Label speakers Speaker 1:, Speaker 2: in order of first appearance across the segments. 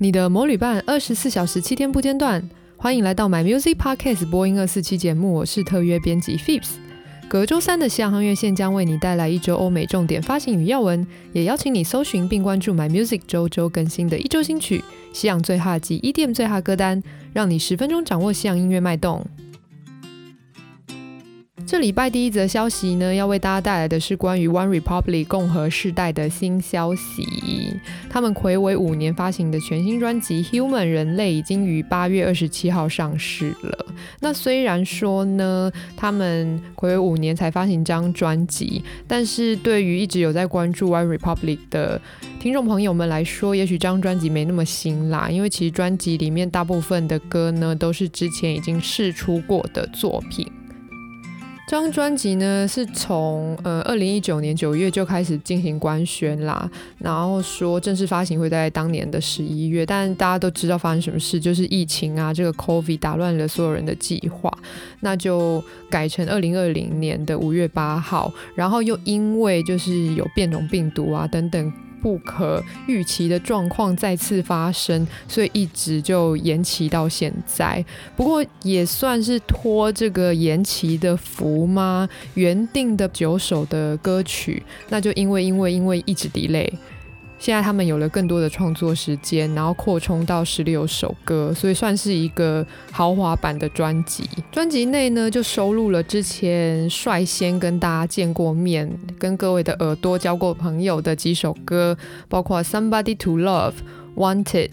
Speaker 1: 你的耳膜旅伴二十四小時七天不間斷，歡迎來到 My Music Podcast 播音二四七節目，我是特約編輯 Pheebs。隔周三的西洋夯樂線將為你帶來一周歐美重點發行與要聞，也邀請你搜尋並關注 My Music 周周更新的一周新曲、西洋最 HOT 及 EDM 最 HOT 歌單，讓你十分鐘掌握西洋音樂脈動。這禮拜第一則消息呢，要為大家帶來的是關於 One Republic 共和世代的新消息。他們魁違五年發行的全新專輯《Human 人類》已經於八月二十七號上市了。那雖然說呢，他們魁違五年才發行張專輯，但是對於一直有在關注 One Republic 的聽眾朋友們來說，也許張專輯沒那麼新啦，因為其實專輯裡面大部分的歌呢，都是之前已經試出過的作品。這張專輯呢，是從呃二零一九年九月就開始進行官宣啦，然後說正式發行會在當年的十一月，但大家都知道發生什麼事，就是疫情啊，這個 COVID 打亂了所有人的計劃，那就改成二零二零年的五月八號，然後又因為就是有變種病毒啊等等。不可預期的狀況再次發生，所以一直就延期到現在。不過也算是托這個延期的福嘛，原定的九首的歌曲，那就因為因為因為一直 delay。現在他們有了更多的創作時間，然後擴充到十六首歌，所以算是一個豪華版的專輯。專輯內呢，就收錄了之前率先跟大家見過面、跟各位的耳朵交過朋友的幾首歌，包括《Somebody to Love》、《Wanted》、《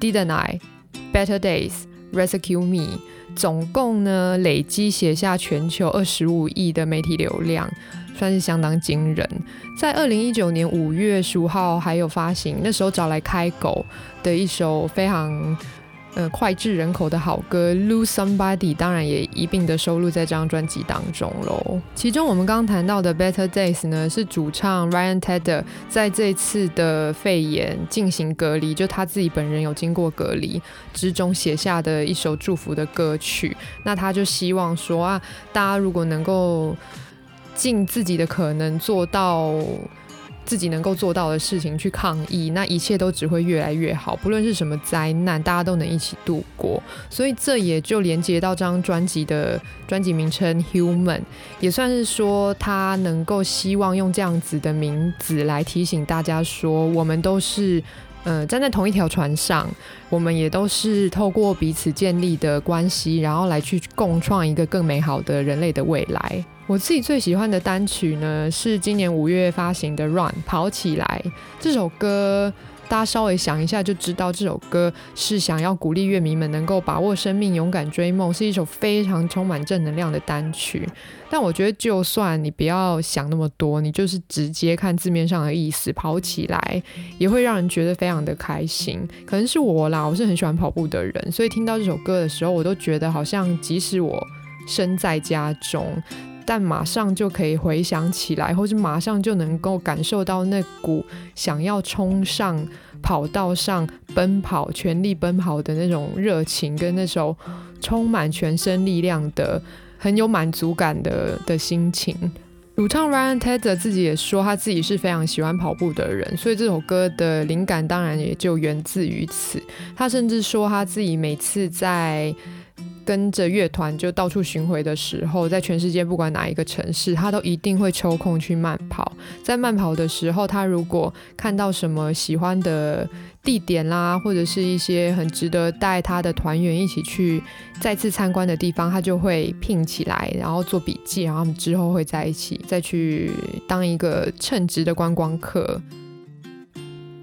Speaker 1: Didn't I》、《Better Days》、《Rescue Me》，總共呢，累積寫下全球二十五億的媒體流量。算是相當驚人，在二零一九年五月十五號還有發行，那時候找來開狗的一首非常呃膾炙人口的好歌《Lose Somebody》，當然也一併的收錄在這張專輯當中嘍。其中我們剛剛談到的《Better Days》呢，是主唱 Ryan Tedder 在這次的肺炎進行隔離，就他自己本人有經過隔離之中寫下的一首祝福的歌曲。那他就希望說啊，大家如果能夠。盡自己的可能，做到自己能夠做到的事情去抗疫，那一切都只會越來越好。不論是什麼災難，大家都能一起度過。所以這也就連接到這張專輯的專輯名稱《Human》，也算是說他能夠希望用這樣子的名字來提醒大家說，我們都是嗯、呃、站在同一條船上。我們也都是透過彼此建立的關係，然後來去共創一個更美好的人類的未來。我自己最喜歡的單曲呢，是今年五月發行的《Run》，跑起來。這首歌大家稍微想一下就知道，這首歌是想要鼓勵樂迷們能夠把握生命，勇敢追夢，是一首非常充滿正能量的單曲。但我覺得，就算你不要想那麼多，你就是直接看字面上的意思，跑起來也會讓人覺得非常的開心。可能是我啦。我是很喜歡跑步的人，所以聽到這首歌的時候，我都覺得好像即使我身在家中，但馬上就可以回想起來，或是馬上就能夠感受到那股想要衝上跑道上奔跑、全力奔跑的那種熱情，跟那種充滿全身力量的、很有滿足感的的心情。主唱 Ryan Tedder 自己也說，他自己是非常喜歡跑步的人，所以這首歌的靈感當然也就源自於此。他甚至說，他自己每次在跟着樂團就到處巡迴的時候，在全世界不管哪一個城市，他都一定會抽空去慢跑。在慢跑的時候，他如果看到什麼喜歡的地點啦，或者是一些很值得帶他的團員一起去再次參觀的地方，他就會拼起來，然後做筆記，然後他們之後會在一起再去當一個稱職的觀光客。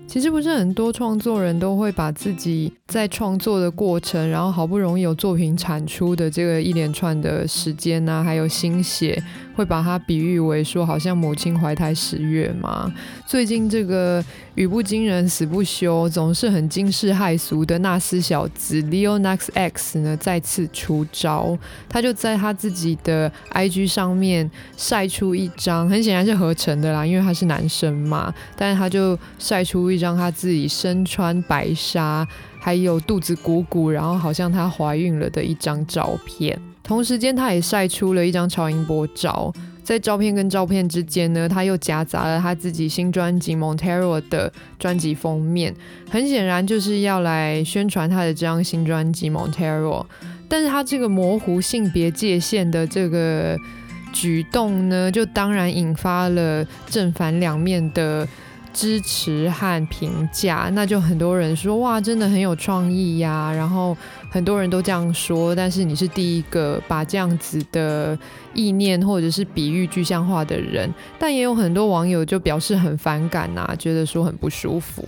Speaker 1: 其實不是很多創作人都會把自己在創作的過程，然後好不容易有作品產出的這個一連串的時間啊，還有心血，會把它比喻為說，好像母親懷胎十月嗎？最近這個語不驚人死不休，總是很驚世駭俗的納斯小子 Lil Nas X 呢，再次出招，他就在他自己的 IG 上面曬出一張，很顯然是合成的啦，因為他是男生嘛，但是他就曬出一張他自己身穿白紗，還有肚子鼓鼓，然後好像他懷孕了的一張照片。同時間，他也曬出了一張超音波照。在照片跟照片之間呢，他又夾雜了他自己新專輯《Montero》的專輯封面，很顯然就是要來宣傳他的這張新專輯《Montero》，但是他這個模糊性別界限的這個舉動呢，就當然引發了正反兩面的支持和評價，那就很多人說，哇，真的很有創意呀。然後很多人都這樣說，但是你是第一個把這樣子的意念或者是比喻具象化的人。但也有很多網友就表示很反感吶，覺得說很不舒服。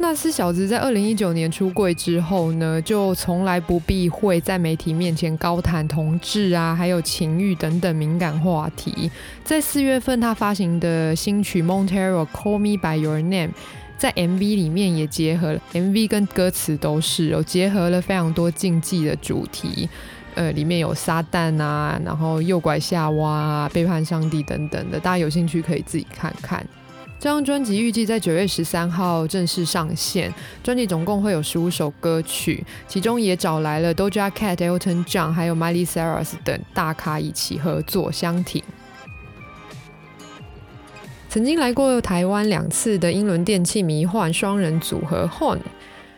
Speaker 1: 納斯小子在二零一九年出櫃之後呢，就從來不避諱在媒體面前高談同志啊，還有情欲等等敏感話題。在四月份他發行的新曲《Montero Call Me By Your Name》在 MV 裡面也結合了，MV 跟歌詞都是有、喔、結合了非常多禁忌的主題，呃，裡面有撒旦啊，然後誘拐夏娃、啊、背叛上帝等等的，大家有興趣可以自己看看。這張專輯預計在九月十三號正式上線。專輯總共會有十五首歌曲，其中也找來了 Doja Cat、Elton John 還有 Miley Cyrus 等大咖一起合作相挺。曾經來過台灣兩次的英倫電氣迷幻雙人組合 Honne。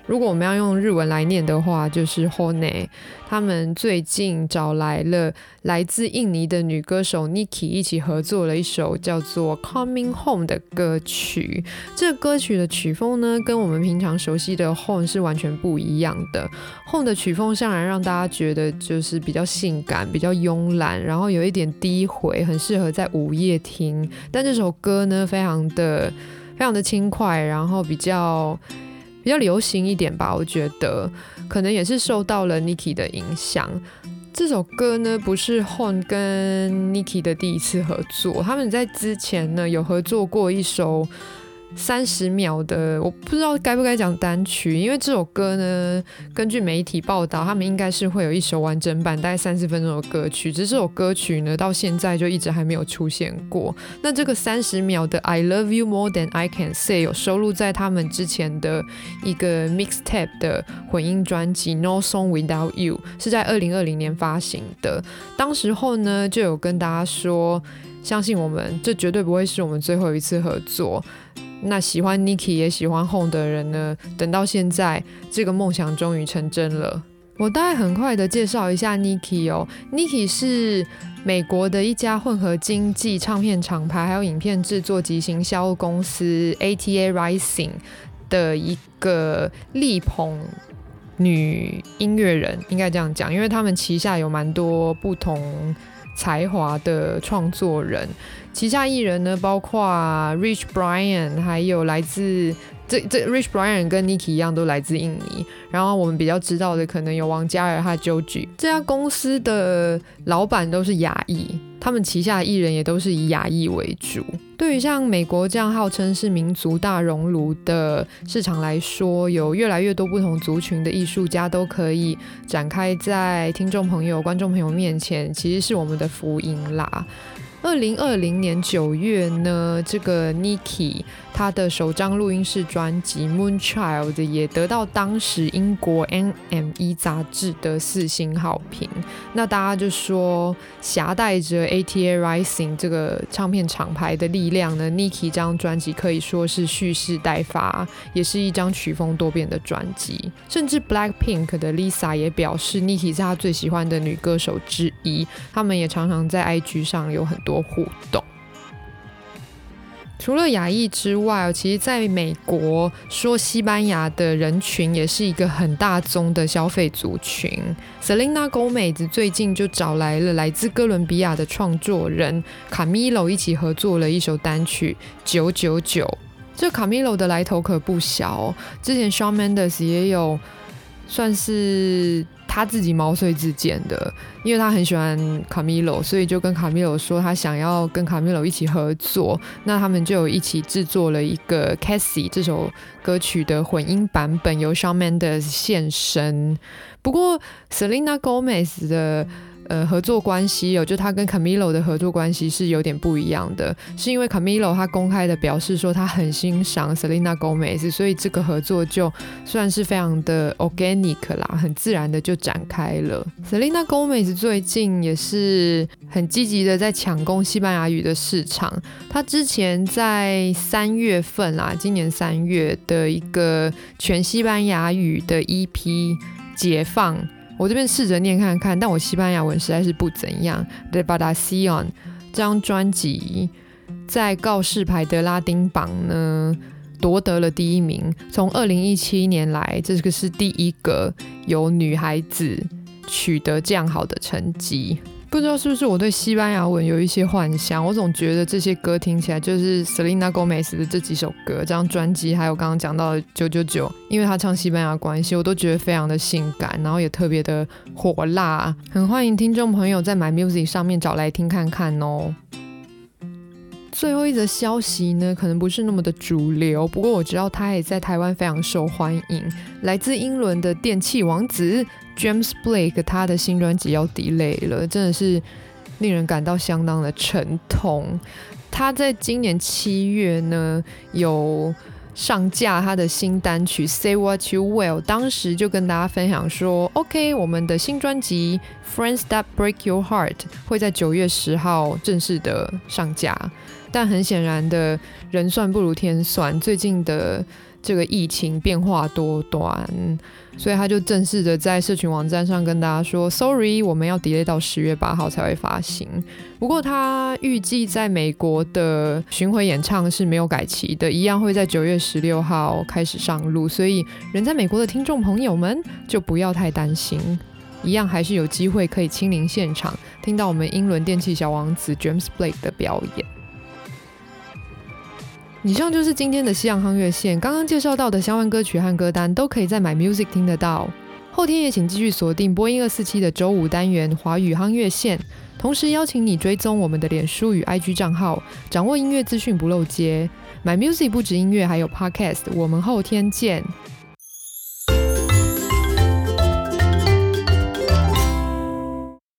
Speaker 1: 如果我們要用日文來念的話，就是 Honne。他們最近找來了來自印尼的女歌手 Niki 一起合作了一首叫做《Coming Home》的歌曲。這歌曲的曲風呢，跟我們平常熟悉的 Honne 是完全不一樣的。Honne 的曲風向來讓大家覺得就是比較性感、比較慵懶，然後有一點低回，很適合在午夜聽。但這首歌呢，非常的、非常的輕快，然後比較，比較流行一點吧，我覺得可能也是受到了 Niki 的影響。這首歌呢，不是 Honne 跟 Niki 的第一次合作，他們在之前呢，有合作過一首，三十秒的，我不知道該不該講單曲，因為這首歌呢，根據媒體報道，他們應該是會有一首完整版，大概三十分鐘的歌曲。只是這首歌曲呢，到現在就一直還沒有出現過。那這個三十秒的《I Love You More Than I Can Say》有收錄在他們之前的一個 mixtape 的混音專輯《No Song Without You》，是在二零二零年發行的。當時候呢，就有跟大家說。相信我們，這絕對不會是我們最後一次合作。那喜歡 Niki 也喜歡 Honne 的人呢，等到現在，這個夢想終於成真了。我大概很快的介紹一下 Niki 哦。Niki 是美國的一家混合經紀唱片廠牌，還有影片製作及行銷公司 88rising 的一個力捧女音樂人，應該這樣講，因為他們旗下有蠻多不同。才華的創作人，旗下藝人呢，包括 Rich Brian，還有來自。這這 Rich Brian 跟 Niki 一樣，都來自印尼。然後我們比較知道的，可能有王嘉爾、和 Joji 這家公司的老闆都是亞裔，他們旗下的藝人也都是以亞裔為主。對於像美國這樣號稱是民族大熔爐的市場來說，有越來越多不同族群的藝術家都可以展開在聽眾朋友、觀眾朋友面前，其實是我們的福音啦。二零二零年九月呢，這個 Niki。他的首張錄音室專輯《Moonchild》也得到當時英國 NME 雜誌的四星好評。那大家就說，夾帶著 88rising 這個唱片廠牌的力量呢，Niki 這張專輯可以說是蓄勢待發，也是一張曲風多變的專輯。甚至 Blackpink 的 Lisa 也表示，Niki 是他最喜歡的女歌手之一。他們也常常在 IG 上有很多互動。除了亞裔之外，其實在美國說西班牙的人群也是一個很大宗的消費族群。Selena Gomez 最近就找來了來自哥倫比亞的創作人 Camilo 一起合作了一首單曲《999》。這 Camilo 的來頭可不小，之前 Shawn Mendes 也有算是。他自己毛遂自薦的，因為他很喜歡卡米洛，所以就跟卡米洛說他想要跟卡米洛一起合作。那他們就有一起製作了一個《Kesi》這首歌曲的混音版本，由 Shawn Mendes 獻聲。不過 Selena Gomez 的。呃，合作關係有、哦，就他跟 Camilo 的合作關係是有點不一樣的，是因為 Camilo 他公開的表示說他很欣賞 Selena Gomez，所以這個合作就算是非常的 organic 啦，很自然的就展開了。Selena Gomez 最近也是很積極的在搶攻西班牙語的市場，他之前在三月份啦、啊，今年三月的一個全西班牙語的 EP 解放。我這邊試着念看看，但我西班牙文實在是不怎樣。Revelación 這張專輯在告示牌的拉丁榜呢，奪得了第一名，從二零一七年來，這個是第一個由女孩子取得這樣好的成績。不知道是不是我對西班牙文有一些幻想？我總覺得這些歌聽起來就是 Selena Gomez 的這幾首歌，這張專輯，還有剛剛講到的九九九，因為她唱西班牙關係，我都覺得非常的性感，然後也特別的火辣。很歡迎聽眾朋友在 My Music 上面找來聽看看哦。最後一則消息呢，可能不是那麼的主流，不過我知道他也在台灣非常受歡迎。來自英倫的電氣王子 James Blake，他的新專輯要 delay 了，真的是令人感到相當的沉痛。他在今年七月呢有上架他的新單曲《Say What You Will》，當時就跟大家分享說：“OK，我們的新專輯《Friends That Break Your Heart》會在九月十號正式的上架。”但很顯然的，人算不如天算，最近的這個疫情變化多端。所以他就正式的在社群網站上跟大家說，Sorry，我們要 delay 到十月八號才會發行。不過他預計在美國的巡迴演唱是沒有改期的，一樣會在九月十六號開始上路。所以人在美國的聽眾朋友們就不要太擔心，一樣還是有機會可以親臨現場，聽到我們英倫電氣小王子 James Blake 的表演。以上就是今天的西洋夯樂線。剛剛介紹到的相關歌曲和歌單都可以在 MyMusic 聽得到。後天也請繼續鎖定播音二四七的週五單元華語夯樂線，同時邀請你追蹤我們的臉書與 IG 賬號，掌握音樂資訊不漏接。MyMusic 不止音樂，還有 Podcast。我們後天見。